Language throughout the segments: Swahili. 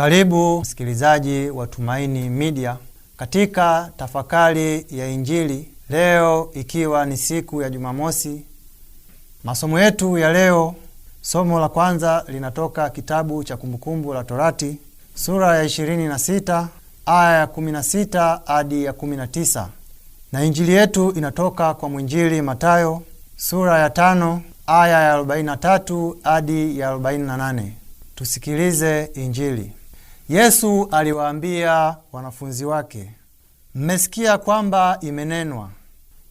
Karibu msikilizaji wa Tumaini Media katika tafakari ya Injili leo, ikiwa ni siku ya Jumamosi. Masomo yetu ya leo, somo la kwanza linatoka kitabu cha Kumbukumbu la Torati sura ya 26 aya ya 16 hadi ya 19, na injili yetu inatoka kwa mwinjili Matayo sura ya 5 aya ya 43 hadi ya 48. Tusikilize Injili. Yesu aliwaambia wanafunzi wake, mmesikia kwamba imenenwa,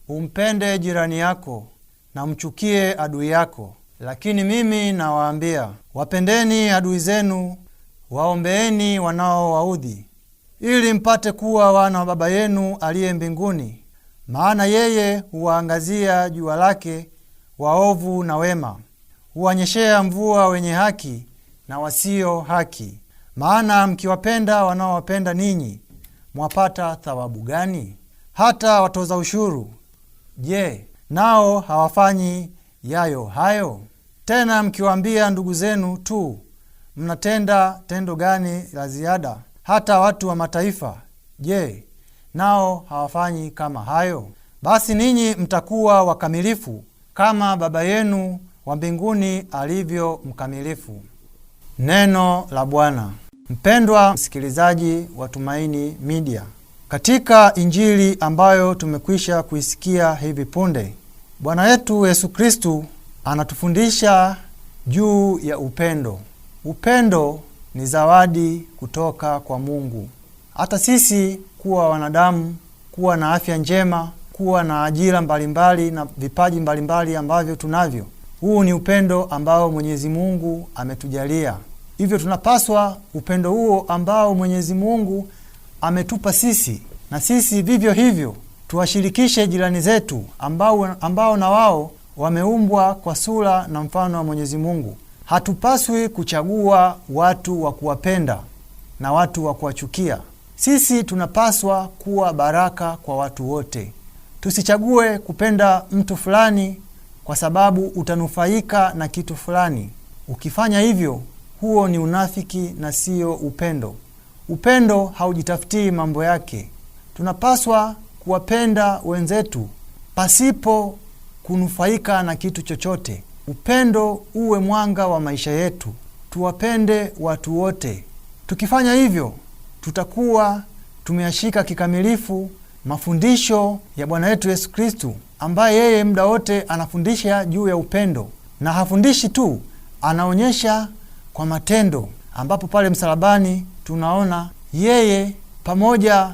umpende jirani yako na mchukie adui yako. Lakini mimi nawaambia, wapendeni adui zenu, waombeeni wanaowaudhi, ili mpate kuwa wana wa Baba yenu aliye mbinguni, maana yeye huwaangazia jua lake waovu na wema, huwanyeshea mvua wenye haki na wasio haki. Maana mkiwapenda wanaowapenda ninyi, mwapata thawabu gani? Hata watoza ushuru, je, nao hawafanyi yayo hayo? Tena mkiwaambia ndugu zenu tu, mnatenda tendo gani la ziada? Hata watu wa mataifa, je, nao hawafanyi kama hayo? Basi ninyi mtakuwa wakamilifu kama Baba yenu wa mbinguni alivyo mkamilifu. Neno la Bwana. Mpendwa msikilizaji wa Tumaini Media, katika injili ambayo tumekwisha kuisikia hivi punde, Bwana wetu Yesu Kristu anatufundisha juu ya upendo. Upendo ni zawadi kutoka kwa Mungu. Hata sisi kuwa wanadamu, kuwa na afya njema, kuwa na ajira mbalimbali na vipaji mbalimbali ambavyo tunavyo, huu ni upendo ambao Mwenyezi Mungu ametujalia. Hivyo tunapaswa upendo huo ambao Mwenyezi Mungu ametupa sisi, na sisi vivyo hivyo tuwashirikishe jirani zetu ambao, ambao na wao wameumbwa kwa sura na mfano wa Mwenyezi Mungu. Hatupaswi kuchagua watu wa kuwapenda na watu wa kuwachukia. Sisi tunapaswa kuwa baraka kwa watu wote. Tusichague kupenda mtu fulani kwa sababu utanufaika na kitu fulani. Ukifanya hivyo huo ni unafiki na sio upendo. Upendo haujitafutii mambo yake. Tunapaswa kuwapenda wenzetu pasipo kunufaika na kitu chochote. Upendo uwe mwanga wa maisha yetu, tuwapende watu wote. Tukifanya hivyo, tutakuwa tumeyashika kikamilifu mafundisho ya Bwana wetu Yesu Kristu, ambaye yeye muda wote anafundisha juu ya upendo, na hafundishi tu, anaonyesha kwa matendo, ambapo pale msalabani tunaona yeye pamoja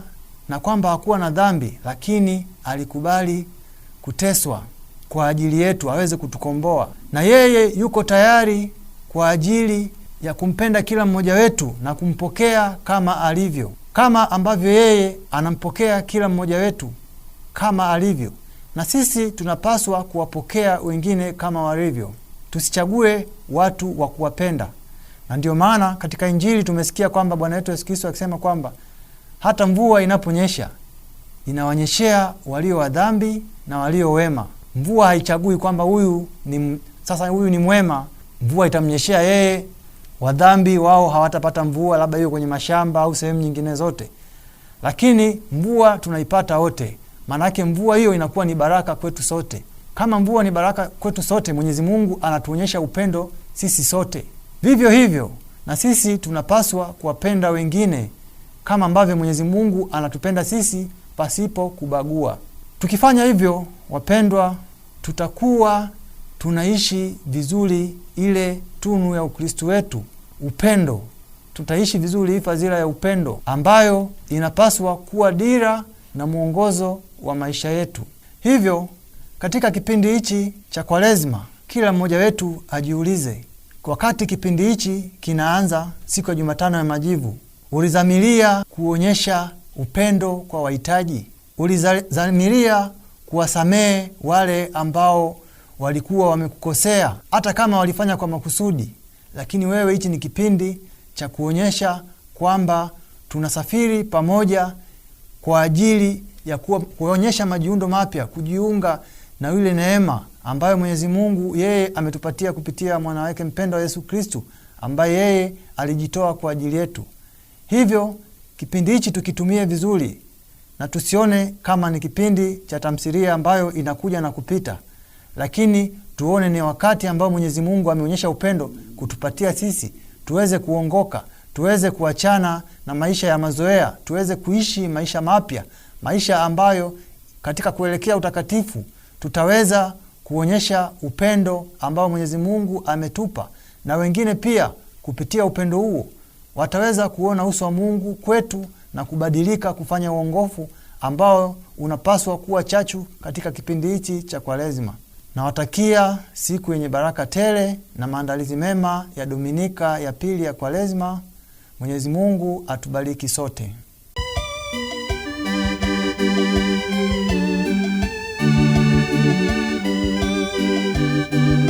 na kwamba hakuwa na dhambi, lakini alikubali kuteswa kwa ajili yetu aweze kutukomboa, na yeye yuko tayari kwa ajili ya kumpenda kila mmoja wetu na kumpokea kama alivyo, kama ambavyo yeye anampokea kila mmoja wetu kama alivyo, na sisi tunapaswa kuwapokea wengine kama walivyo. Tusichague watu wa kuwapenda, na ndio maana katika Injili tumesikia kwamba Bwana wetu Yesu Kristo akisema kwamba hata mvua inaponyesha inawanyeshea walio wa dhambi na walio wema. Mvua haichagui kwamba huyu ni sasa huyu ni mwema, mvua itamnyeshea yeye. Wadhambi wao hawatapata mvua, labda hiyo kwenye mashamba au sehemu nyingine zote, lakini mvua tunaipata wote. Maanake mvua hiyo inakuwa ni baraka kwetu sote. Kama mvua ni baraka kwetu sote, Mwenyezi Mungu anatuonyesha upendo sisi sote. Vivyo hivyo na sisi tunapaswa kuwapenda wengine kama ambavyo Mwenyezi Mungu anatupenda sisi pasipo kubagua. Tukifanya hivyo, wapendwa, tutakuwa tunaishi vizuri ile tunu ya ukristu wetu, upendo. Tutaishi vizuri hii fadhila ya upendo ambayo inapaswa kuwa dira na mwongozo wa maisha yetu. Hivyo katika kipindi hichi cha kwarezma kila mmoja wetu ajiulize Wakati kipindi hichi kinaanza siku ya Jumatano ya Majivu, ulizamilia kuonyesha upendo kwa wahitaji, ulizamilia kuwasamehe wale ambao walikuwa wamekukosea, hata kama walifanya kwa makusudi. Lakini wewe, hichi ni kipindi cha kuonyesha kwamba tunasafiri pamoja kwa ajili ya kuwa, kuonyesha majiundo mapya, kujiunga na yule neema ambayo Mwenyezi Mungu yeye ametupatia kupitia mwana wake wa Yesu Kristu ambaye yeye alijitoa kwa ajili yetu. Hivyo kipindi hichi tukitumie vizuri na tusione kama ni kipindi cha tamsiria ambayo inakuja na kupita, lakini tuone ni wakati ambao Mwenyezi Mungu ameonyesha upendo kutupatia sisi tuweze kuongoka, tuweze kuachana na maisha ya mazoea, tuweze kuishi maisha mapya, maisha ambayo katika kuelekea utakatifu tutaweza kuonyesha upendo ambao Mwenyezi Mungu ametupa, na wengine pia kupitia upendo huo wataweza kuona uso wa Mungu kwetu na kubadilika kufanya uongofu ambao unapaswa kuwa chachu katika kipindi hichi cha Kwaresima. Nawatakia siku yenye baraka tele na maandalizi mema ya Dominika ya pili ya Kwaresima. Mwenyezi Mungu atubariki sote. Mm-hmm.